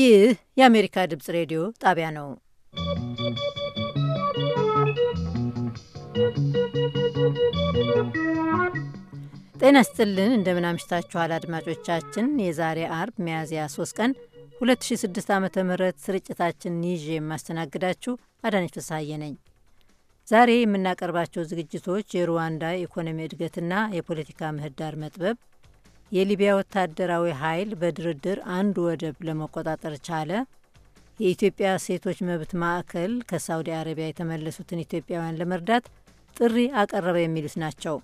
ይህ የአሜሪካ ድምፅ ሬዲዮ ጣቢያ ነው። ጤና ስጥልን፣ እንደምን አምሽታችኋል አድማጮቻችን። የዛሬ አርብ ሚያዝያ 3 ቀን 2006 ዓ ም ስርጭታችን ይዤ የማስተናግዳችሁ አዳነች ፍስሐዬ ነኝ። ዛሬ የምናቀርባቸው ዝግጅቶች የሩዋንዳ የኢኮኖሚ እድገትና የፖለቲካ ምህዳር መጥበብ፣ የሊቢያ ወታደራዊ ኃይል በድርድር አንድ ወደብ ለመቆጣጠር ቻለ፣ የኢትዮጵያ ሴቶች መብት ማዕከል ከሳውዲ አረቢያ የተመለሱትን ኢትዮጵያውያን ለመርዳት ጥሪ አቀረበ የሚሉት ናቸው።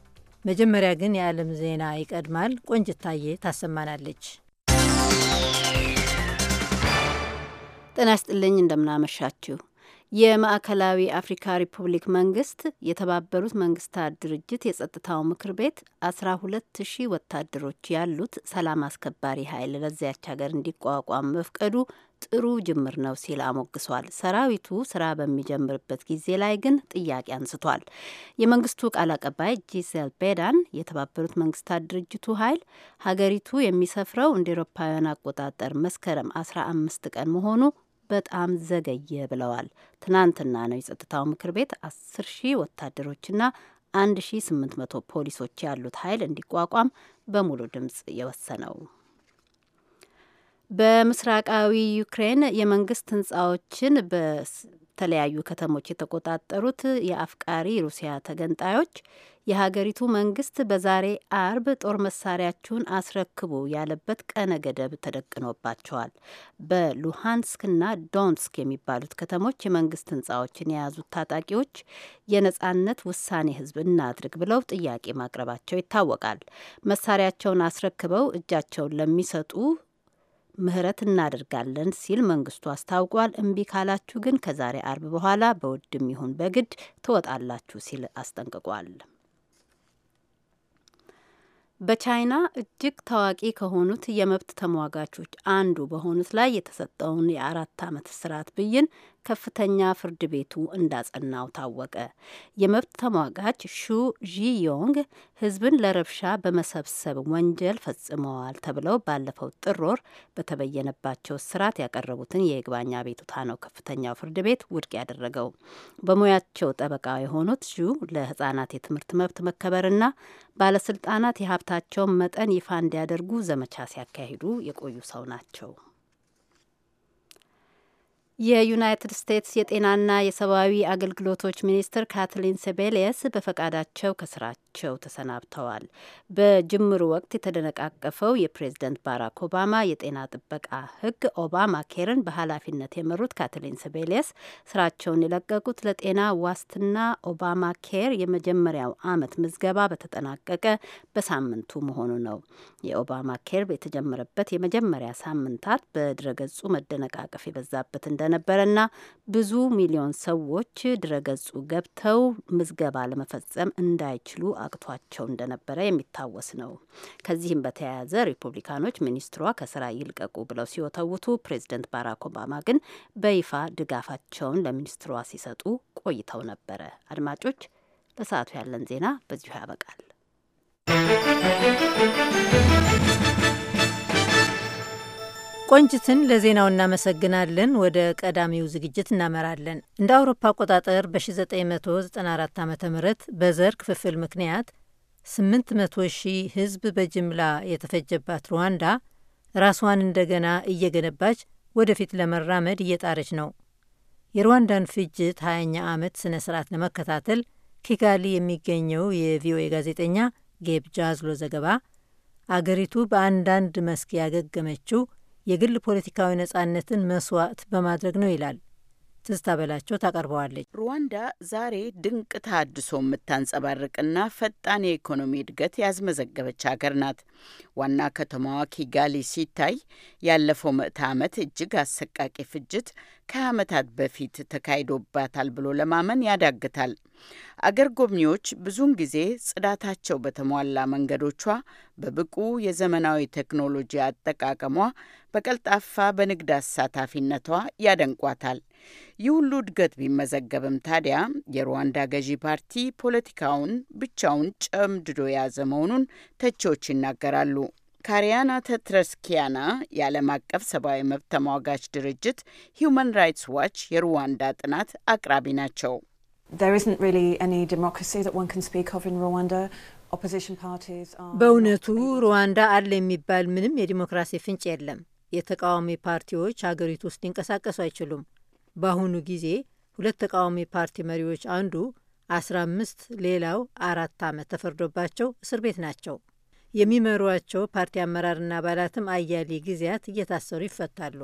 መጀመሪያ ግን የዓለም ዜና ይቀድማል። ቆንጅታዬ ታሰማናለች። ጤና ይስጥልኝ እንደምናመሻችሁ የማዕከላዊ አፍሪካ ሪፑብሊክ መንግስት የተባበሩት መንግስታት ድርጅት የጸጥታው ምክር ቤት አስራ ሁለት ሺህ ወታደሮች ያሉት ሰላም አስከባሪ ኃይል ለዚያች ሀገር እንዲቋቋም መፍቀዱ ጥሩ ጅምር ነው ሲል አሞግሷል። ሰራዊቱ ስራ በሚጀምርበት ጊዜ ላይ ግን ጥያቄ አንስቷል። የመንግስቱ ቃል አቀባይ ጂሴል ቤዳን የተባበሩት መንግስታት ድርጅቱ ኃይል ሀገሪቱ የሚሰፍረው እንደ ኤሮፓውያን አቆጣጠር መስከረም አስራ አምስት ቀን መሆኑ በጣም ዘገየ ብለዋል። ትናንትና ነው የጸጥታው ምክር ቤት 10 ሺህ ወታደሮችና መቶ ፖሊሶች ያሉት ኃይል እንዲቋቋም በሙሉ ድምፅ የወሰነው። በምስራቃዊ ዩክሬን የመንግስት ህንጻዎችን በተለያዩ ከተሞች የተቆጣጠሩት የአፍቃሪ ሩሲያ ተገንጣዮች የሀገሪቱ መንግስት በዛሬ አርብ ጦር መሳሪያችሁን አስረክቡ ያለበት ቀነ ገደብ ተደቅኖባቸዋል። በሉሃንስክና ዶንስክ የሚባሉት ከተሞች የመንግስት ህንፃዎችን የያዙት ታጣቂዎች የነጻነት ውሳኔ ህዝብ እናድርግ ብለው ጥያቄ ማቅረባቸው ይታወቃል። መሳሪያቸውን አስረክበው እጃቸውን ለሚሰጡ ምህረት እናደርጋለን ሲል መንግስቱ አስታውቋል። እምቢ ካላችሁ ግን ከዛሬ አርብ በኋላ በውድም ይሁን በግድ ትወጣላችሁ ሲል አስጠንቅቋል። በቻይና እጅግ ታዋቂ ከሆኑት የመብት ተሟጋቾች አንዱ በሆኑት ላይ የተሰጠውን የአራት ዓመት እስራት ብይን ከፍተኛ ፍርድ ቤቱ እንዳጸናው ታወቀ። የመብት ተሟጋች ሹ ዢዮንግ ህዝብን ለረብሻ በመሰብሰብ ወንጀል ፈጽመዋል ተብለው ባለፈው ጥር ወር በተበየነባቸው ስርዓት ያቀረቡትን የይግባኝ አቤቱታ ነው ከፍተኛው ፍርድ ቤት ውድቅ ያደረገው። በሙያቸው ጠበቃ የሆኑት ሹ ለህጻናት የትምህርት መብት መከበርና ባለስልጣናት የሀብታቸውን መጠን ይፋ እንዲያደርጉ ዘመቻ ሲያካሂዱ የቆዩ ሰው ናቸው። የዩናይትድ ስቴትስ የጤናና የሰብአዊ አገልግሎቶች ሚኒስትር ካትሊን ሴቤልየስ በፈቃዳቸው ከስራቸው ከስራቸው ተሰናብተዋል። በጅምሩ ወቅት የተደነቃቀፈው የፕሬዝደንት ባራክ ኦባማ የጤና ጥበቃ ሕግ ኦባማ ኬርን በኃላፊነት የመሩት ካትሊን ስቤሊየስ ስራቸውን የለቀቁት ለጤና ዋስትና ኦባማ ኬር የመጀመሪያው አመት ምዝገባ በተጠናቀቀ በሳምንቱ መሆኑ ነው። የኦባማ ኬር የተጀመረበት የመጀመሪያ ሳምንታት በድረገጹ መደነቃቀፍ የበዛበት እንደነበረና ብዙ ሚሊዮን ሰዎች ድረገጹ ገብተው ምዝገባ ለመፈጸም እንዳይችሉ አቅቷቸው እንደነበረ የሚታወስ ነው። ከዚህም በተያያዘ ሪፑብሊካኖች ሚኒስትሯ ከስራ ይልቀቁ ብለው ሲወተውቱ፣ ፕሬዚደንት ባራክ ኦባማ ግን በይፋ ድጋፋቸውን ለሚኒስትሯ ሲሰጡ ቆይተው ነበረ። አድማጮች፣ ለሰዓቱ ያለን ዜና በዚሁ ያበቃል። ቆንጅትን ለዜናው እናመሰግናለን። ወደ ቀዳሚው ዝግጅት እናመራለን። እንደ አውሮፓ አቆጣጠር በ1994 ዓ ም በዘር ክፍፍል ምክንያት 800 ሺህ ህዝብ በጅምላ የተፈጀባት ሩዋንዳ ራሷን እንደገና እየገነባች ወደፊት ለመራመድ እየጣረች ነው። የሩዋንዳን ፍጅት 20ኛ ዓመት ስነ ስርዓት ለመከታተል ኪጋሊ የሚገኘው የቪኦኤ ጋዜጠኛ ጌብ ጃዝሎ ዘገባ አገሪቱ በአንዳንድ መስክ ያገገመችው የግል ፖለቲካዊ ነጻነትን መስዋዕት በማድረግ ነው ይላል። ትዝታ በላቸው ታቀርበዋለች። ሩዋንዳ ዛሬ ድንቅ ተሃድሶ የምታንጸባርቅና ፈጣን የኢኮኖሚ እድገት ያስመዘገበች ሀገር ናት። ዋና ከተማዋ ኪጋሊ ሲታይ ያለፈው ምዕተ ዓመት እጅግ አሰቃቂ ፍጅት ከዓመታት በፊት ተካሂዶባታል ብሎ ለማመን ያዳግታል። አገር ጎብኚዎች ብዙውን ጊዜ ጽዳታቸው በተሟላ መንገዶቿ፣ በብቁ የዘመናዊ ቴክኖሎጂ አጠቃቀሟ በቀልጣፋ በንግድ አሳታፊነቷ ያደንቋታል። ይህ ሁሉ እድገት ቢመዘገብም ታዲያ የሩዋንዳ ገዢ ፓርቲ ፖለቲካውን ብቻውን ጨምድዶ የያዘ መሆኑን ተቺዎች ይናገራሉ። ካሪያና ተትረስኪያና የዓለም አቀፍ ሰብአዊ መብት ተሟጋች ድርጅት ሂዩማን ራይትስ ዋች የሩዋንዳ ጥናት አቅራቢ ናቸው። በእውነቱ ሩዋንዳ አለ የሚባል ምንም የዲሞክራሲ ፍንጭ የለም። የተቃዋሚ ፓርቲዎች ሀገሪቱ ውስጥ ሊንቀሳቀሱ አይችሉም። በአሁኑ ጊዜ ሁለት ተቃዋሚ ፓርቲ መሪዎች አንዱ 15 ሌላው አራት ዓመት ተፈርዶባቸው እስር ቤት ናቸው። የሚመሯቸው ፓርቲ አመራርና አባላትም አያሌ ጊዜያት እየታሰሩ ይፈታሉ።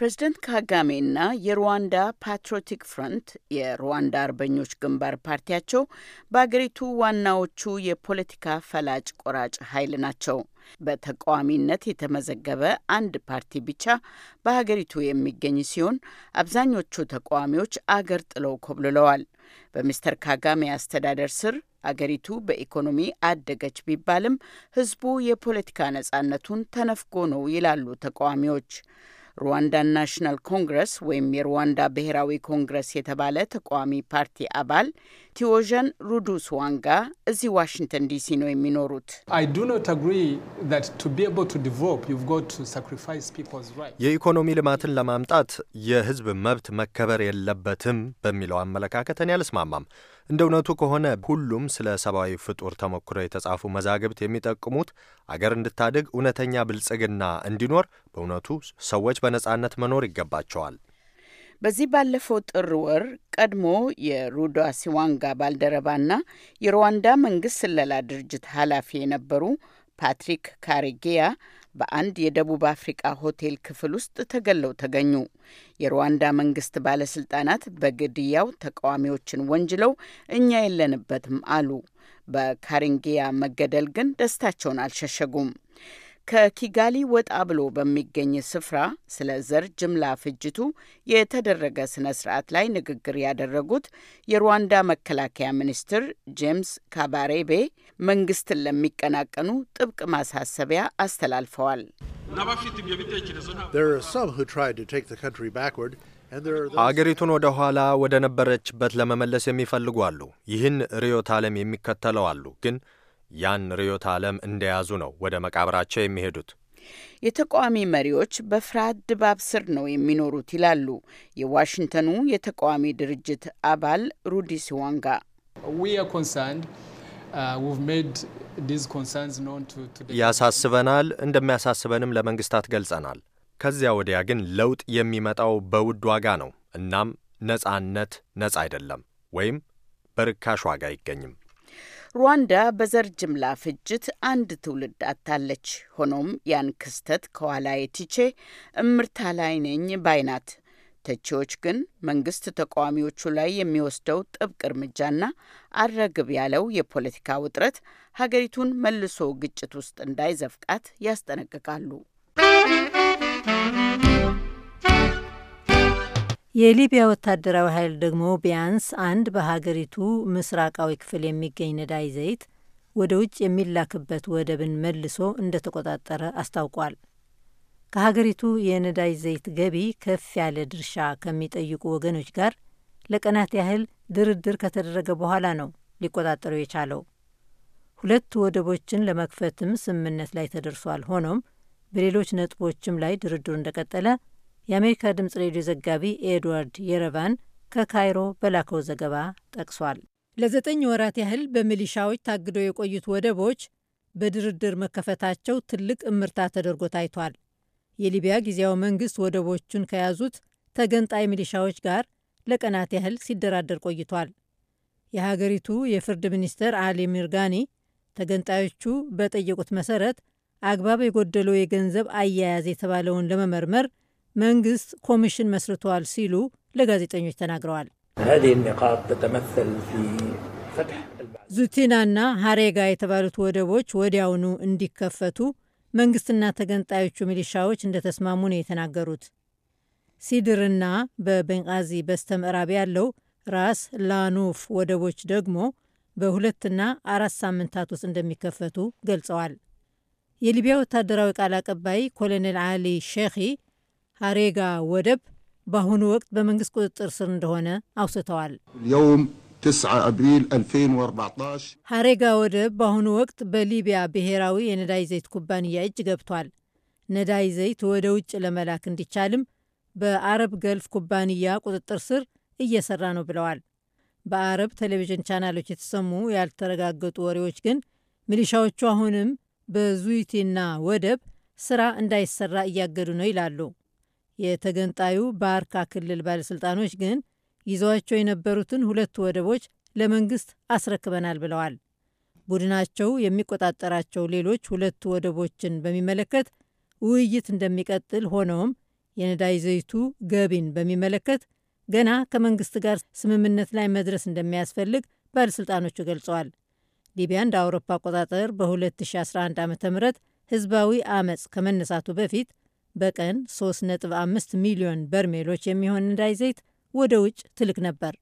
ፕሬዝደንት ካጋሜና የሩዋንዳ ፓትሪዮቲክ ፍረንት የሩዋንዳ አርበኞች ግንባር ፓርቲያቸው በአገሪቱ ዋናዎቹ የፖለቲካ ፈላጭ ቆራጭ ኃይል ናቸው። በተቃዋሚነት የተመዘገበ አንድ ፓርቲ ብቻ በሀገሪቱ የሚገኝ ሲሆን አብዛኞቹ ተቃዋሚዎች አገር ጥለው ኮብልለዋል። በሚስተር ካጋሜ አስተዳደር ስር አገሪቱ በኢኮኖሚ አደገች ቢባልም ሕዝቡ የፖለቲካ ነጻነቱን ተነፍጎ ነው ይላሉ ተቃዋሚዎች። ሩዋንዳ ናሽናል ኮንግረስ ወይም የሩዋንዳ ብሔራዊ ኮንግረስ የተባለ ተቃዋሚ ፓርቲ አባል ቲዎዣን ሩዱስዋንጋ እዚህ ዋሽንግተን ዲሲ ነው የሚኖሩት። የኢኮኖሚ ልማትን ለማምጣት የህዝብ መብት መከበር የለበትም በሚለው አመለካከት እኔ አልስማማም። እንደ እውነቱ ከሆነ ሁሉም ስለ ሰብአዊ ፍጡር ተሞክሮ የተጻፉ መዛግብት የሚጠቅሙት አገር እንድታድግ እውነተኛ ብልጽግና እንዲኖር በእውነቱ ሰዎች በነጻነት መኖር ይገባቸዋል። በዚህ ባለፈው ጥር ወር ቀድሞ የሩዳ ሲዋንጋ ባልደረባና የሩዋንዳ መንግስት ስለላ ድርጅት ኃላፊ የነበሩ ፓትሪክ ካሬጌያ በአንድ የደቡብ አፍሪቃ ሆቴል ክፍል ውስጥ ተገለው ተገኙ። የሩዋንዳ መንግስት ባለስልጣናት በግድያው ተቃዋሚዎችን ወንጅለው እኛ የለንበትም አሉ። በካሪንጊያ መገደል ግን ደስታቸውን አልሸሸጉም። ከኪጋሊ ወጣ ብሎ በሚገኝ ስፍራ ስለ ዘር ጅምላ ፍጅቱ የተደረገ ስነ ስርዓት ላይ ንግግር ያደረጉት የሩዋንዳ መከላከያ ሚኒስትር ጄምስ ካባሬቤ መንግስትን ለሚቀናቀኑ ጥብቅ ማሳሰቢያ አስተላልፈዋል። አገሪቱን ወደ ኋላ ወደ ነበረችበት ለመመለስ የሚፈልጉ አሉ። ይህን ርዕዮተ ዓለም የሚከተለው አሉ ግን ያን ርዕዮተ ዓለም እንደያዙ ነው ወደ መቃብራቸው የሚሄዱት። የተቃዋሚ መሪዎች በፍርሃት ድባብ ስር ነው የሚኖሩት ይላሉ የዋሽንግተኑ የተቃዋሚ ድርጅት አባል ሩዲ ሲዋንጋ። uh, ያሳስበናል፣ እንደሚያሳስበንም ለመንግስታት ገልጸናል። ከዚያ ወዲያ ግን ለውጥ የሚመጣው በውድ ዋጋ ነው። እናም ነጻነት ነጻ አይደለም ወይም በርካሽ ዋጋ አይገኝም። ሩዋንዳ በዘር ጅምላ ፍጅት አንድ ትውልድ አታለች። ሆኖም ያን ክስተት ከኋላ የቲቼ እምርታ ላይ ነኝ ባይናት። ተቺዎች ግን መንግስት ተቃዋሚዎቹ ላይ የሚወስደው ጥብቅ እርምጃና አረግብ ያለው የፖለቲካ ውጥረት ሀገሪቱን መልሶ ግጭት ውስጥ እንዳይዘፍቃት ያስጠነቅቃሉ። የሊቢያ ወታደራዊ ኃይል ደግሞ ቢያንስ አንድ በሀገሪቱ ምስራቃዊ ክፍል የሚገኝ ነዳይ ዘይት ወደ ውጭ የሚላክበት ወደብን መልሶ እንደተቆጣጠረ አስታውቋል። ከሀገሪቱ የነዳጅ ዘይት ገቢ ከፍ ያለ ድርሻ ከሚጠይቁ ወገኖች ጋር ለቀናት ያህል ድርድር ከተደረገ በኋላ ነው ሊቆጣጠሩ የቻለው። ሁለት ወደቦችን ለመክፈትም ስምምነት ላይ ተደርሷል። ሆኖም በሌሎች ነጥቦችም ላይ ድርድሩ እንደቀጠለ የአሜሪካ ድምጽ ሬዲዮ ዘጋቢ ኤድዋርድ የረቫን ከካይሮ በላከው ዘገባ ጠቅሷል። ለዘጠኝ ወራት ያህል በሚሊሻዎች ታግደው የቆዩት ወደቦች በድርድር መከፈታቸው ትልቅ እምርታ ተደርጎ ታይቷል። የሊቢያ ጊዜያዊ መንግስት ወደቦቹን ከያዙት ተገንጣይ ሚሊሻዎች ጋር ለቀናት ያህል ሲደራደር ቆይቷል። የሀገሪቱ የፍርድ ሚኒስትር አሊ ሚርጋኒ ተገንጣዮቹ በጠየቁት መሰረት አግባብ የጎደለው የገንዘብ አያያዝ የተባለውን ለመመርመር መንግስት ኮሚሽን መስርተዋል ሲሉ ለጋዜጠኞች ተናግረዋል። ዙቲናና ሀሬጋ የተባሉት ወደቦች ወዲያውኑ እንዲከፈቱ መንግስትና ተገንጣዮቹ ሚሊሻዎች እንደተስማሙ ነው የተናገሩት። ሲድርና በቤንቃዚ በስተ ምዕራብ ያለው ራስ ላኑፍ ወደቦች ደግሞ በሁለትና አራት ሳምንታት ውስጥ እንደሚከፈቱ ገልጸዋል። የሊቢያ ወታደራዊ ቃል አቀባይ ኮሎኔል አሊ ሼኺ ሀሬጋ ወደብ በአሁኑ ወቅት በመንግስት ቁጥጥር ስር እንደሆነ አውስተዋል። የውም 9 አብሪል 2014 ሀሬጋ ወደብ በአሁኑ ወቅት በሊቢያ ብሔራዊ የነዳይ ዘይት ኩባንያ እጅ ገብቷል። ነዳይ ዘይት ወደ ውጭ ለመላክ እንዲቻልም በአረብ ገልፍ ኩባንያ ቁጥጥር ስር እየሰራ ነው ብለዋል። በአረብ ቴሌቪዥን ቻናሎች የተሰሙ ያልተረጋገጡ ወሬዎች ግን ሚሊሻዎቹ አሁንም በዙይቲና ወደብ ስራ እንዳይሰራ እያገዱ ነው ይላሉ። የተገንጣዩ ባርካ ክልል ባለሥልጣኖች ግን ይዘዋቸው የነበሩትን ሁለቱ ወደቦች ለመንግስት አስረክበናል ብለዋል። ቡድናቸው የሚቆጣጠራቸው ሌሎች ሁለቱ ወደቦችን በሚመለከት ውይይት እንደሚቀጥል፣ ሆነውም የነዳጅ ዘይቱ ገቢን በሚመለከት ገና ከመንግስት ጋር ስምምነት ላይ መድረስ እንደሚያስፈልግ ባለሥልጣኖቹ ገልጸዋል። ሊቢያ እንደ አውሮፓ አቆጣጠር በ2011 ዓ ም ህዝባዊ አመፅ ከመነሳቱ በፊት በቀን 3.5 ሚሊዮን በርሜሎች የሚሆን ነዳጅ ዘይት ወደ ውጭ ትልክ ነበር።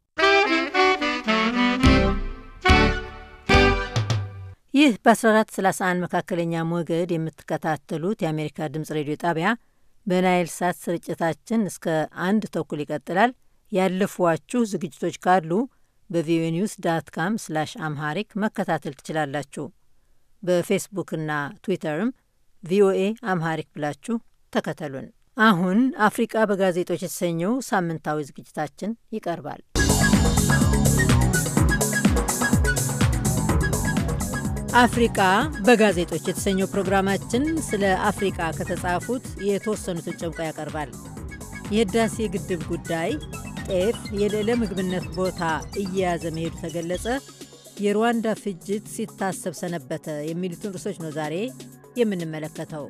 ይህ በ1431 መካከለኛ ሞገድ የምትከታተሉት የአሜሪካ ድምፅ ሬዲዮ ጣቢያ በናይል ሳት ስርጭታችን እስከ አንድ ተኩል ይቀጥላል። ያለፏችሁ ዝግጅቶች ካሉ በቪኦኤ ኒውስ ዳት ካም ስላሽ አምሃሪክ መከታተል ትችላላችሁ። በፌስቡክና ትዊተርም ቪኦኤ አምሃሪክ ብላችሁ ተከተሉን። አሁን አፍሪቃ በጋዜጦች የተሰኘው ሳምንታዊ ዝግጅታችን ይቀርባል። አፍሪቃ በጋዜጦች የተሰኘው ፕሮግራማችን ስለ አፍሪቃ ከተጻፉት የተወሰኑትን ጨምቆ ያቀርባል። የህዳሴ ግድብ ጉዳይ፣ ጤፍ የልዕለ ምግብነት ቦታ እየያዘ መሄዱ ተገለጸ፣ የሩዋንዳ ፍጅት ሲታሰብ ሰነበተ የሚሉትን ርዕሶች ነው ዛሬ የምንመለከተው።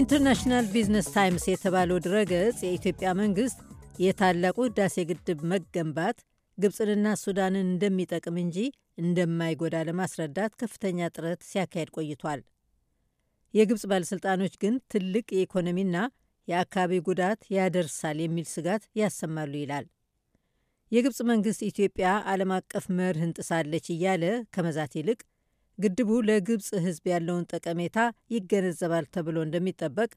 ኢንተርናሽናል ቢዝነስ ታይምስ የተባለው ድረገጽ የኢትዮጵያ መንግሥት የታላቁ ህዳሴ ግድብ መገንባት ግብፅንና ሱዳንን እንደሚጠቅም እንጂ እንደማይጎዳ ለማስረዳት ከፍተኛ ጥረት ሲያካሄድ ቆይቷል። የግብፅ ባለሥልጣኖች ግን ትልቅ የኢኮኖሚና የአካባቢ ጉዳት ያደርሳል የሚል ስጋት ያሰማሉ ይላል። የግብፅ መንግሥት ኢትዮጵያ ዓለም አቀፍ መርህ እንጥሳለች እያለ ከመዛት ይልቅ ግድቡ ለግብፅ ሕዝብ ያለውን ጠቀሜታ ይገነዘባል ተብሎ እንደሚጠበቅ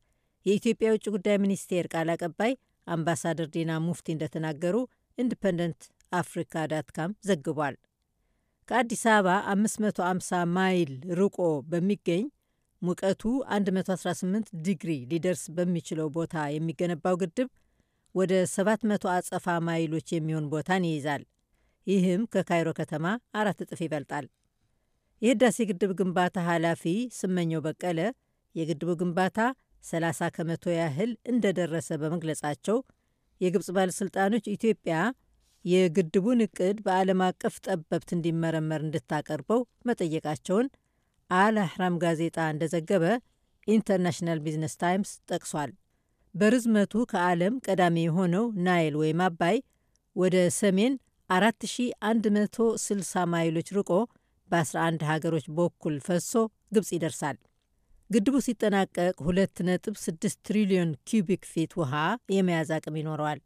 የኢትዮጵያ የውጭ ጉዳይ ሚኒስቴር ቃል አቀባይ አምባሳደር ዲና ሙፍቲ እንደተናገሩ ኢንዲፐንደንት አፍሪካ ዳትካም ዘግቧል። ከአዲስ አበባ 550 ማይል ርቆ በሚገኝ ሙቀቱ 118 ዲግሪ ሊደርስ በሚችለው ቦታ የሚገነባው ግድብ ወደ 700 አጸፋ ማይሎች የሚሆን ቦታን ይይዛል። ይህም ከካይሮ ከተማ አራት እጥፍ ይበልጣል። የህዳሴ ግድብ ግንባታ ኃላፊ ስመኘው በቀለ የግድቡ ግንባታ 30 ከመቶ ያህል እንደደረሰ በመግለጻቸው የግብፅ ባለሥልጣኖች ኢትዮጵያ የግድቡን እቅድ በዓለም አቀፍ ጠበብት እንዲመረመር እንድታቀርበው መጠየቃቸውን አልአህራም ጋዜጣ እንደዘገበ ኢንተርናሽናል ቢዝነስ ታይምስ ጠቅሷል። በርዝመቱ ከዓለም ቀዳሚ የሆነው ናይል ወይም አባይ ወደ ሰሜን 4160 ማይሎች ርቆ በ11 ሀገሮች በኩል ፈሶ ግብፅ ይደርሳል። ግድቡ ሲጠናቀቅ 2.6 ትሪሊዮን ኪዩቢክ ፊት ውሃ የመያዝ አቅም ይኖረዋል።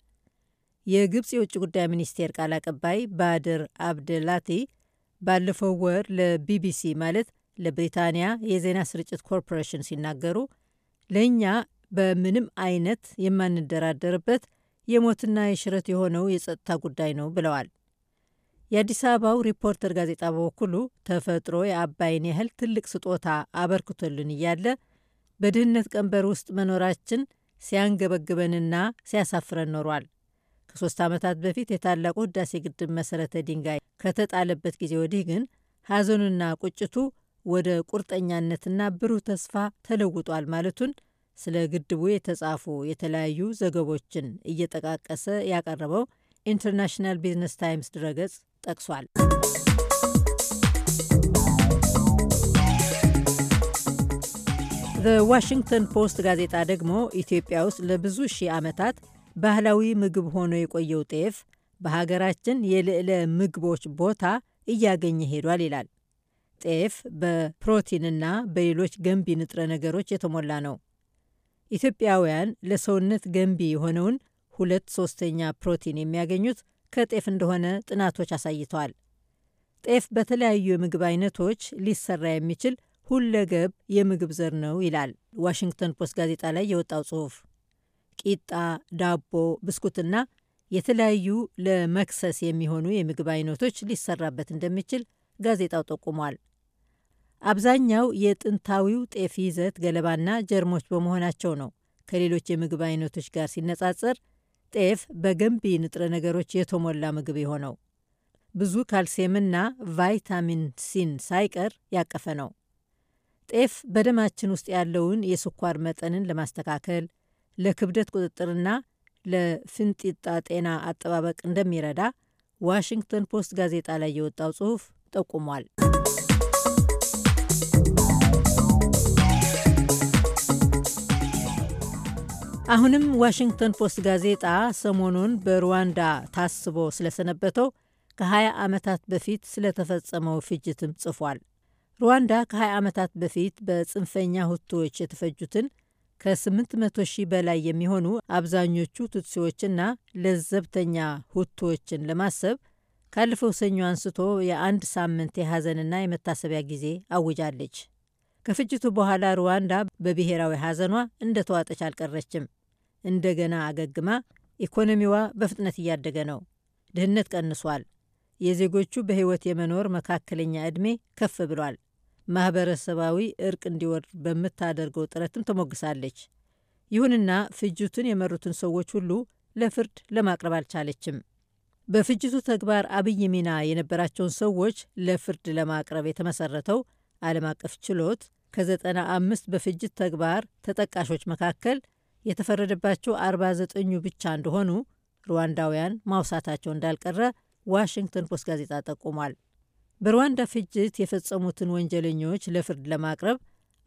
የግብፅ የውጭ ጉዳይ ሚኒስቴር ቃል አቀባይ ባድር አብደላቲ ባለፈው ወር ለቢቢሲ ማለት ለብሪታንያ የዜና ስርጭት ኮርፖሬሽን ሲናገሩ ለእኛ በምንም አይነት የማንደራደርበት የሞትና የሽረት የሆነው የጸጥታ ጉዳይ ነው ብለዋል። የአዲስ አበባው ሪፖርተር ጋዜጣ በበኩሉ ተፈጥሮ የአባይን ያህል ትልቅ ስጦታ አበርክቶልን እያለ በድህነት ቀንበር ውስጥ መኖራችን ሲያንገበግበንና ሲያሳፍረን ኖሯል። ከሶስት ዓመታት በፊት የታላቁ ህዳሴ ግድብ መሰረተ ድንጋይ ከተጣለበት ጊዜ ወዲህ ግን ሐዘኑና ቁጭቱ ወደ ቁርጠኛነትና ብሩህ ተስፋ ተለውጧል ማለቱን ስለ ግድቡ የተጻፉ የተለያዩ ዘገቦችን እየጠቃቀሰ ያቀረበው ኢንተርናሽናል ቢዝነስ ታይምስ ድረገጽ ጠቅሷል። ዋሽንግተን ፖስት ጋዜጣ ደግሞ ኢትዮጵያ ውስጥ ለብዙ ሺህ ዓመታት ባህላዊ ምግብ ሆኖ የቆየው ጤፍ በሀገራችን የልዕለ ምግቦች ቦታ እያገኘ ሄዷል ይላል። ጤፍ በፕሮቲንና በሌሎች ገንቢ ንጥረ ነገሮች የተሞላ ነው። ኢትዮጵያውያን ለሰውነት ገንቢ የሆነውን ሁለት ሶስተኛ ፕሮቲን የሚያገኙት ከጤፍ እንደሆነ ጥናቶች አሳይተዋል። ጤፍ በተለያዩ የምግብ አይነቶች ሊሰራ የሚችል ሁለገብ የምግብ ዘር ነው ይላል ዋሽንግተን ፖስት ጋዜጣ ላይ የወጣው ጽሑፍ። ቂጣ፣ ዳቦ፣ ብስኩትና የተለያዩ ለመክሰስ የሚሆኑ የምግብ አይነቶች ሊሰራበት እንደሚችል ጋዜጣው ጠቁሟል። አብዛኛው የጥንታዊው ጤፍ ይዘት ገለባና ጀርሞች በመሆናቸው ነው ከሌሎች የምግብ አይነቶች ጋር ሲነጻጸር ጤፍ በገንቢ ንጥረ ነገሮች የተሞላ ምግብ የሆነው ብዙ ካልሲየምና ቫይታሚን ሲን ሳይቀር ያቀፈ ነው። ጤፍ በደማችን ውስጥ ያለውን የስኳር መጠንን ለማስተካከል ለክብደት ቁጥጥርና ለፍንጢጣ ጤና አጠባበቅ እንደሚረዳ ዋሽንግተን ፖስት ጋዜጣ ላይ የወጣው ጽሑፍ ጠቁሟል። አሁንም ዋሽንግተን ፖስት ጋዜጣ ሰሞኑን በሩዋንዳ ታስቦ ስለሰነበተው ከ20 ዓመታት በፊት ስለተፈጸመው ፍጅትም ጽፏል። ሩዋንዳ ከ20 ዓመታት በፊት በጽንፈኛ ሁቶዎች የተፈጁትን ከ800 ሺህ በላይ የሚሆኑ አብዛኞቹ ቱትሲዎችና ለዘብተኛ ሁቶዎችን ለማሰብ ካለፈው ሰኞ አንስቶ የአንድ ሳምንት የሐዘንና የመታሰቢያ ጊዜ አውጃለች። ከፍጅቱ በኋላ ሩዋንዳ በብሔራዊ ሐዘኗ እንደተዋጠች አልቀረችም። እንደገና አገግማ ኢኮኖሚዋ በፍጥነት እያደገ ነው። ድህነት ቀንሷል። የዜጎቹ በሕይወት የመኖር መካከለኛ ዕድሜ ከፍ ብሏል። ማኅበረሰባዊ እርቅ እንዲወርድ በምታደርገው ጥረትም ተሞግሳለች። ይሁንና ፍጅቱን የመሩትን ሰዎች ሁሉ ለፍርድ ለማቅረብ አልቻለችም። በፍጅቱ ተግባር አብይ ሚና የነበራቸውን ሰዎች ለፍርድ ለማቅረብ የተመሰረተው ዓለም አቀፍ ችሎት ከ95 በፍጅት ተግባር ተጠቃሾች መካከል የተፈረደባቸው 49ኙ ብቻ እንደሆኑ ሩዋንዳውያን ማውሳታቸው እንዳልቀረ ዋሽንግተን ፖስት ጋዜጣ ጠቁሟል። በሩዋንዳ ፍጅት የፈጸሙትን ወንጀለኞች ለፍርድ ለማቅረብ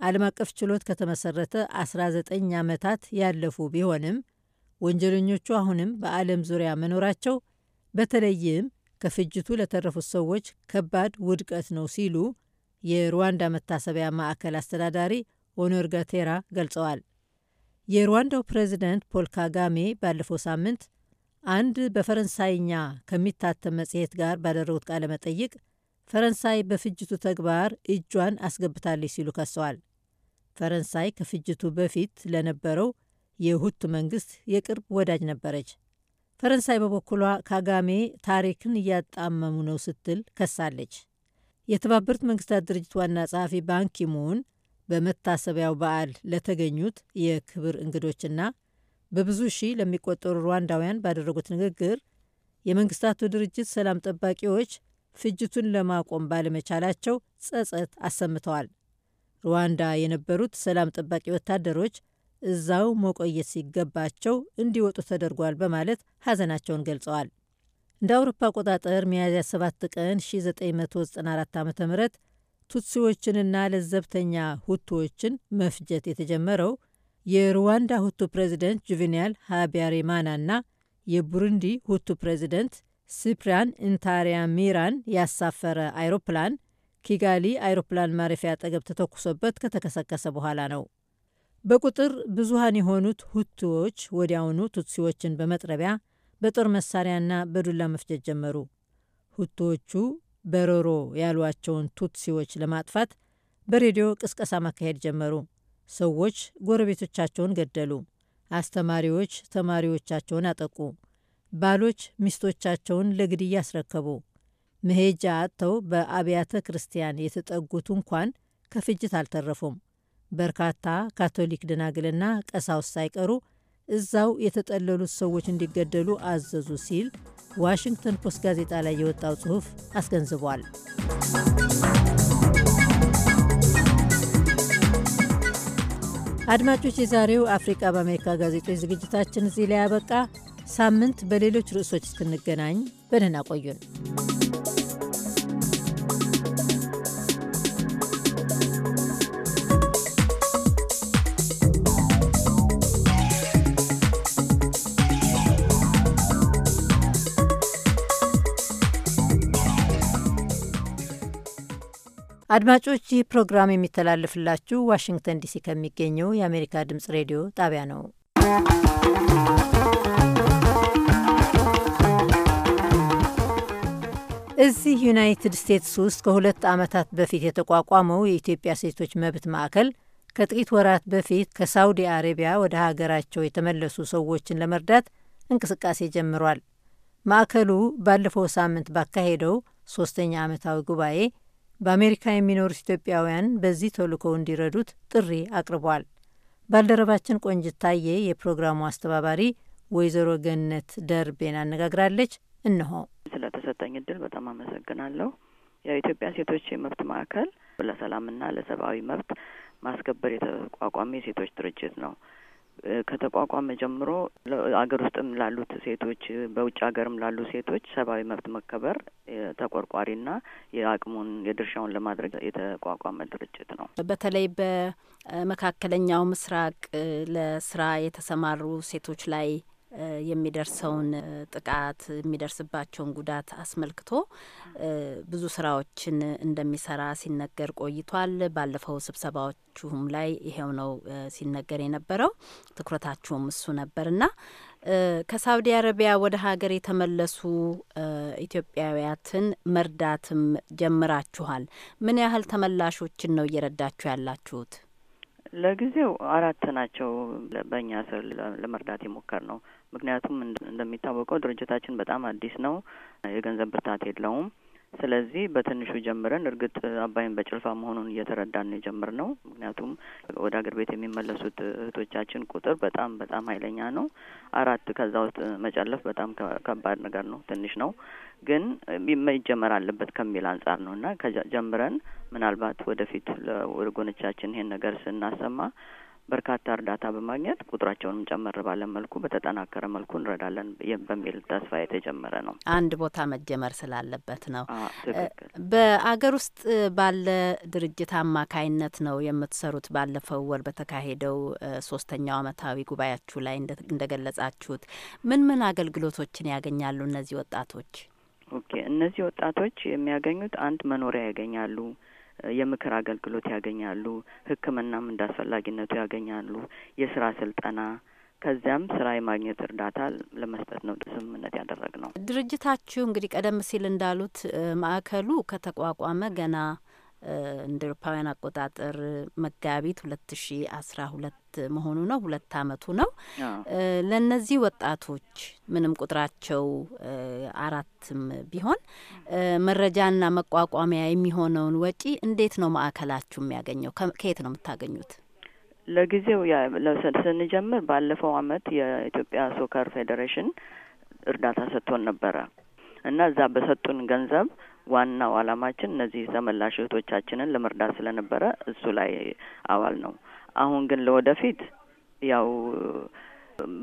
ዓለም አቀፍ ችሎት ከተመሰረተ 19 ዓመታት ያለፉ ቢሆንም ወንጀለኞቹ አሁንም በዓለም ዙሪያ መኖራቸው በተለይም ከፍጅቱ ለተረፉት ሰዎች ከባድ ውድቀት ነው ሲሉ የሩዋንዳ መታሰቢያ ማዕከል አስተዳዳሪ ኦነር ጋቴራ ገልጸዋል። የሩዋንዳው ፕሬዚደንት ፖል ካጋሜ ባለፈው ሳምንት አንድ በፈረንሳይኛ ከሚታተም መጽሔት ጋር ባደረጉት ቃለ መጠይቅ ፈረንሳይ በፍጅቱ ተግባር እጇን አስገብታለች ሲሉ ከሰዋል። ፈረንሳይ ከፍጅቱ በፊት ለነበረው የሁቱ መንግስት የቅርብ ወዳጅ ነበረች። ፈረንሳይ በበኩሏ ካጋሜ ታሪክን እያጣመሙ ነው ስትል ከሳለች። የተባበሩት መንግስታት ድርጅት ዋና ጸሐፊ ባንኪሙን በመታሰቢያው በዓል ለተገኙት የክብር እንግዶችና በብዙ ሺህ ለሚቆጠሩ ሩዋንዳውያን ባደረጉት ንግግር የመንግስታቱ ድርጅት ሰላም ጠባቂዎች ፍጅቱን ለማቆም ባለመቻላቸው ጸጸት አሰምተዋል። ሩዋንዳ የነበሩት ሰላም ጠባቂ ወታደሮች እዛው መቆየት ሲገባቸው እንዲወጡ ተደርጓል በማለት ሐዘናቸውን ገልጸዋል። እንደ አውሮፓ አቆጣጠር ሚያዝያ 7 ቀን 1994 ዓ ም ቱትሲዎችንና ለዘብተኛ ሁቱዎችን መፍጀት የተጀመረው የሩዋንዳ ሁቱ ፕሬዚደንት ጁቬኒያል ሀቢያሪማና እና የቡሩንዲ ሁቱ ፕሬዚደንት ሲፕሪያን ኢንታሪያ ሚራን ያሳፈረ አይሮፕላን ኪጋሊ አይሮፕላን ማረፊያ አጠገብ ተተኩሶበት ከተከሰከሰ በኋላ ነው። በቁጥር ብዙሃን የሆኑት ሁቱዎች ወዲያውኑ ቱትሲዎችን በመጥረቢያ በጦር መሳሪያና በዱላ መፍጀት ጀመሩ። ሁቶዎቹ በረሮ ያሏቸውን ቱትሲዎች ለማጥፋት በሬዲዮ ቅስቀሳ ማካሄድ ጀመሩ። ሰዎች ጎረቤቶቻቸውን ገደሉ። አስተማሪዎች ተማሪዎቻቸውን አጠቁ። ባሎች ሚስቶቻቸውን ለግድያ አስረከቡ። መሄጃ አጥተው በአብያተ ክርስቲያን የተጠጉት እንኳን ከፍጅት አልተረፉም። በርካታ ካቶሊክ ደናግልና ቀሳውስ ሳይቀሩ እዛው የተጠለሉት ሰዎች እንዲገደሉ አዘዙ ሲል ዋሽንግተን ፖስት ጋዜጣ ላይ የወጣው ጽሑፍ አስገንዝቧል። አድማጮች፣ የዛሬው አፍሪቃ በአሜሪካ ጋዜጦች ዝግጅታችን እዚህ ላይ ያበቃ። ሳምንት በሌሎች ርዕሶች እስክንገናኝ በደህና ቆዩን። አድማጮች ይህ ፕሮግራም የሚተላለፍላችሁ ዋሽንግተን ዲሲ ከሚገኘው የአሜሪካ ድምጽ ሬዲዮ ጣቢያ ነው። እዚህ ዩናይትድ ስቴትስ ውስጥ ከሁለት ዓመታት በፊት የተቋቋመው የኢትዮጵያ ሴቶች መብት ማዕከል ከጥቂት ወራት በፊት ከሳውዲ አረቢያ ወደ ሀገራቸው የተመለሱ ሰዎችን ለመርዳት እንቅስቃሴ ጀምሯል። ማዕከሉ ባለፈው ሳምንት ባካሄደው ሶስተኛ ዓመታዊ ጉባኤ በአሜሪካ የሚኖሩት ኢትዮጵያውያን በዚህ ተልእኮ እንዲረዱት ጥሪ አቅርቧል። ባልደረባችን ቆንጅት የፕሮግራሙ አስተባባሪ ወይዘሮ ገነት ደርቤን አነጋግራለች። እነሆ። ስለተሰጠኝ እድል በጣም አመሰግናለሁ። የኢትዮጵያ ሴቶች የመብት ማዕከል ለሰላምና ለሰብአዊ መብት ማስከበር የተቋቋመ የሴቶች ድርጅት ነው። ከተቋቋመ ጀምሮ አገር ውስጥም ላሉት ሴቶች በውጭ ሀገርም ላሉ ሴቶች ሰብአዊ መብት መከበር ተቆርቋሪና የአቅሙን የድርሻውን ለማድረግ የተቋቋመ ድርጅት ነው። በተለይ በመካከለኛው ምስራቅ ለስራ የተሰማሩ ሴቶች ላይ የሚደርሰውን ጥቃት የሚደርስባቸውን ጉዳት አስመልክቶ ብዙ ስራዎችን እንደሚሰራ ሲነገር ቆይቷል። ባለፈው ስብሰባዎችሁም ላይ ይሄው ነው ሲነገር የነበረው ትኩረታችሁም እሱ ነበርና ከሳውዲ አረቢያ ወደ ሀገር የተመለሱ ኢትዮጵያውያትን መርዳትም ጀምራችኋል። ምን ያህል ተመላሾችን ነው እየረዳችሁ ያላችሁት? ለጊዜው አራት ናቸው በእኛ ስር ለመርዳት የሞከር ነው። ምክንያቱም እንደሚታወቀው ድርጅታችን በጣም አዲስ ነው፣ የገንዘብ ብርታት የለውም። ስለዚህ በትንሹ ጀምረን እርግጥ አባይን በጭልፋ መሆኑን እየተረዳን ነው ነው። ምክንያቱም ወደ አገር ቤት የሚመለሱት እህቶቻችን ቁጥር በጣም በጣም ኃይለኛ ነው። አራት ከዛ ውስጥ መጨለፍ በጣም ከባድ ነገር ነው። ትንሽ ነው ግን መጀመር አለበት ከሚል አንጻር ነው እና ጀምረን ምናልባት ወደፊት ለወገኖቻችን ይሄን ነገር ስናሰማ በርካታ እርዳታ በማግኘት ቁጥራቸውንም ጨመር ባለ መልኩ በተጠናከረ መልኩ እንረዳለን በሚል ተስፋ የተጀመረ ነው። አንድ ቦታ መጀመር ስላለበት ነው። በአገር ውስጥ ባለ ድርጅት አማካይነት ነው የምትሰሩት። ባለፈው ወር በተካሄደው ሶስተኛው ዓመታዊ ጉባኤያችሁ ላይ እንደገለጻችሁት ምን ምን አገልግሎቶችን ያገኛሉ እነዚህ ወጣቶች? ኦኬ እነዚህ ወጣቶች የሚያገኙት አንድ መኖሪያ ያገኛሉ። የምክር አገልግሎት ያገኛሉ። ሕክምናም እንደ አስፈላጊነቱ ያገኛሉ። የስራ ስልጠና ከዚያም ስራ የማግኘት እርዳታ ለመስጠት ነው ስምምነት ያደረግ ነው። ድርጅታችሁ እንግዲህ ቀደም ሲል እንዳሉት ማዕከሉ ከተቋቋመ ገና እንደ ኤሮፓውያን አቆጣጠር መጋቢት ሁለት ሺ አስራ ሁለት መሆኑ ነው። ሁለት አመቱ ነው። ለእነዚህ ወጣቶች ምንም ቁጥራቸው አራትም ቢሆን መረጃና መቋቋሚያ የሚሆነውን ወጪ እንዴት ነው ማዕከላችሁ የሚያገኘው? ከየት ነው የምታገኙት? ለጊዜው ስንጀምር ባለፈው አመት የኢትዮጵያ ሶከር ፌዴሬሽን እርዳታ ሰጥቶን ነበረ እና እዛ በሰጡን ገንዘብ ዋናው አላማችን እነዚህ ተመላሽ እህቶቻችንን ለመርዳት ስለነበረ እሱ ላይ አባል ነው። አሁን ግን ለወደፊት ያው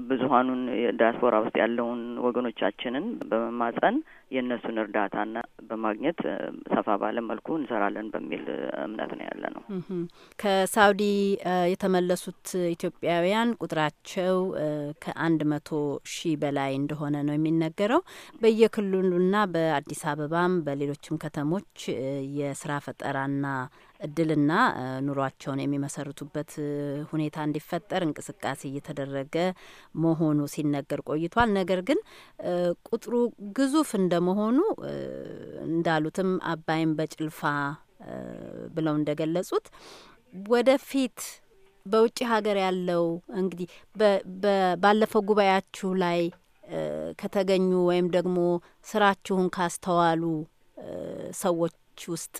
ብዙሀኑን ዲያስፖራ ውስጥ ያለውን ወገኖቻችንን በመማጸን የእነሱን እርዳታና በማግኘት ሰፋ ባለ መልኩ እንሰራለን በሚል እምነት ነው ያለ ነው። ከሳውዲ የተመለሱት ኢትዮጵያውያን ቁጥራቸው ከአንድ መቶ ሺህ በላይ እንደሆነ ነው የሚነገረው። በየክልሉና በአዲስ አበባም በሌሎችም ከተሞች የስራ ፈጠራና እድልና ኑሯቸውን የሚመሰርቱበት ሁኔታ እንዲፈጠር እንቅስቃሴ እየተደረገ መሆኑ ሲነገር ቆይቷል። ነገር ግን ቁጥሩ ግዙፍ እንደመሆኑ እንዳሉትም አባይን በጭልፋ ብለው እንደገለጹት ወደፊት በውጭ ሀገር ያለው እንግዲህ ባለፈው ጉባኤያችሁ ላይ ከተገኙ ወይም ደግሞ ስራችሁን ካስተዋሉ ሰዎች ሰዎች ውስጥ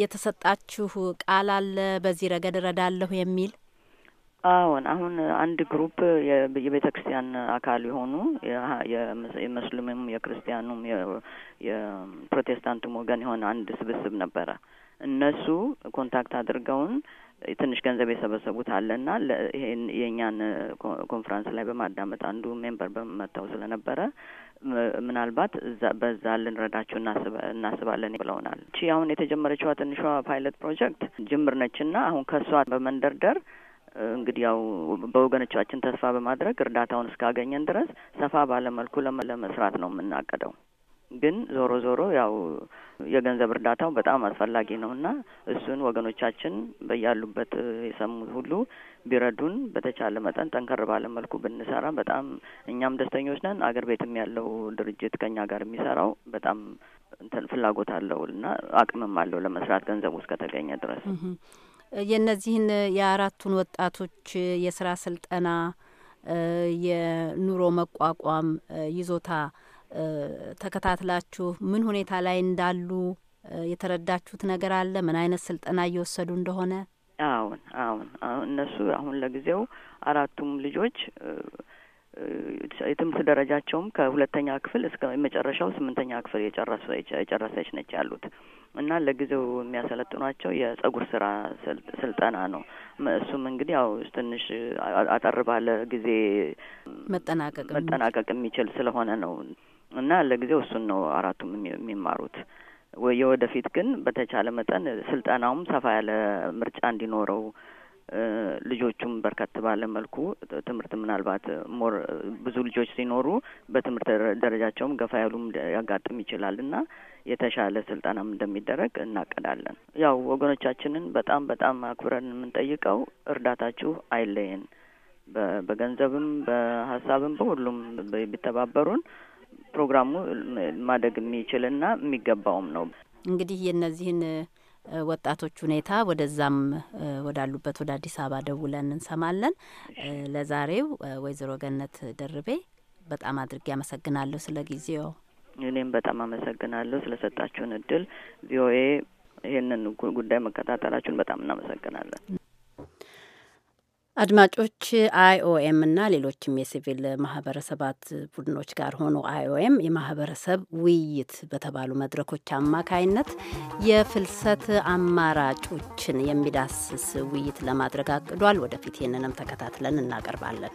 የተሰጣችሁ ቃል አለ በዚህ ረገድ እረዳለሁ የሚል? አዎን፣ አሁን አንድ ግሩፕ የቤተ ክርስቲያን አካል የሆኑ የሙስሊምም የክርስቲያኑም የፕሮቴስታንቱም ወገን የሆነ አንድ ስብስብ ነበረ። እነሱ ኮንታክት አድርገውን ትንሽ ገንዘብ የሰበሰቡት አለና ይሄን የእኛን ኮንፈረንስ ላይ በማዳመጥ አንዱ ሜምበር በመታው ስለነበረ ምናልባት በዛ ልንረዳችሁ እናስባለን ብለውናል። እቺ አሁን የተጀመረችዋ ትንሿ ፓይለት ፕሮጀክት ጅምር ነችና አሁን ከእሷ በመንደርደር እንግዲህ ያው በወገኖቻችን ተስፋ በማድረግ እርዳታውን እስካገኘን ድረስ ሰፋ ባለመልኩ ለመስራት ነው የምናቀደው። ግን ዞሮ ዞሮ ያው የገንዘብ እርዳታው በጣም አስፈላጊ ነው እና እሱን ወገኖቻችን በያሉበት የሰሙት ሁሉ ቢረዱን በተቻለ መጠን ጠንከር ባለ መልኩ ብንሰራ በጣም እኛም ደስተኞች ነን። አገር ቤትም ያለው ድርጅት ከኛ ጋር የሚሰራው በጣም እንትን ፍላጎት አለው እና አቅምም አለው ለመስራት ገንዘቡ እስከተገኘ ድረስ የእነዚህን የአራቱን ወጣቶች የስራ ስልጠና የኑሮ መቋቋም ይዞታ ተከታትላችሁ ምን ሁኔታ ላይ እንዳሉ የተረዳችሁት ነገር አለ? ምን አይነት ስልጠና እየወሰዱ እንደሆነ? አሁን አሁን አሁን እነሱ አሁን ለጊዜው አራቱም ልጆች የትምህርት ደረጃቸውም ከሁለተኛ ክፍል እስከ የመጨረሻው ስምንተኛ ክፍል የጨረሰች ነች ያሉት እና ለጊዜው የሚያሰለጥኗቸው የጸጉር ስራ ስልጠና ነው። እሱም እንግዲህ ያው ትንሽ አጠር ባለ ጊዜ መጠናቀቅ መጠናቀቅ የሚችል ስለሆነ ነው። እና ለጊዜው እሱን ነው አራቱም የሚማሩት። የወደፊት ግን በተቻለ መጠን ስልጠናውም ሰፋ ያለ ምርጫ እንዲኖረው ልጆቹም በርከት ባለ መልኩ ትምህርት ምናልባት ሞር ብዙ ልጆች ሲኖሩ በትምህርት ደረጃቸውም ገፋ ያሉም ያጋጥም ይችላል እና የተሻለ ስልጠናም እንደሚደረግ እናቀዳለን። ያው ወገኖቻችንን በጣም በጣም አክብረን የምንጠይቀው እርዳታችሁ አይለየን፣ በገንዘብም በሀሳብም በሁሉም ቢተባበሩን ፕሮግራሙ ማደግ የሚችልና የሚገባውም ነው። እንግዲህ የእነዚህን ወጣቶች ሁኔታ ወደዛም ወዳሉበት ወደ አዲስ አበባ ደውለን እንሰማለን። ለዛሬው ወይዘሮ ገነት ደርቤ በጣም አድርጌ አመሰግናለሁ ስለ ጊዜው። እኔም በጣም አመሰግናለሁ ስለ ሰጣችሁን እድል። ቪኦኤ ይህንን ጉዳይ መከታተላችሁን በጣም እናመሰግናለን። አድማጮች አይኦኤም እና ሌሎችም የሲቪል ማህበረሰባት ቡድኖች ጋር ሆኖ አይኦኤም የማህበረሰብ ውይይት በተባሉ መድረኮች አማካይነት የፍልሰት አማራጮችን የሚዳስስ ውይይት ለማድረግ አቅዷል። ወደፊት ይህንንም ተከታትለን እናቀርባለን።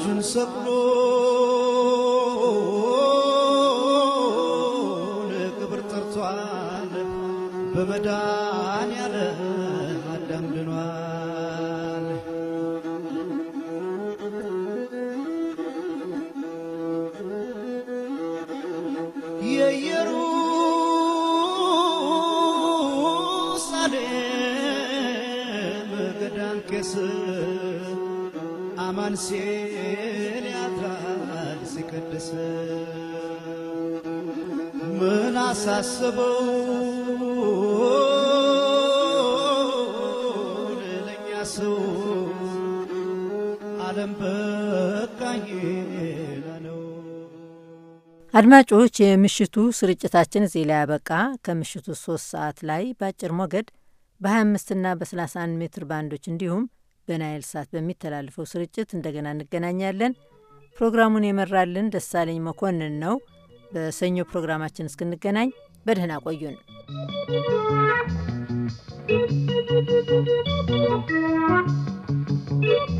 ልጁን ሰቅሎ ለክብር ጠርቷል። በመዳን ያለ አዳም ድኗል። የኢየሩሳሌም ገዳም ቄስ አማን ሲል ያድራል ሲቀድስ ምን አሳስበው ለኛ ሰው ዓለም በቃኝ ነው። አድማጮች የምሽቱ ስርጭታችን እዚህ ላይ ያበቃ። ከምሽቱ ሶስት ሰዓት ላይ በአጭር ሞገድ በ25 እና በ31 ሜትር ባንዶች እንዲሁም በናይል ሳት በሚተላለፈው ስርጭት እንደገና እንገናኛለን። ፕሮግራሙን የመራልን ደሳለኝ መኮንን ነው። በሰኞ ፕሮግራማችን እስክንገናኝ በደህና ቆዩን። Thank you.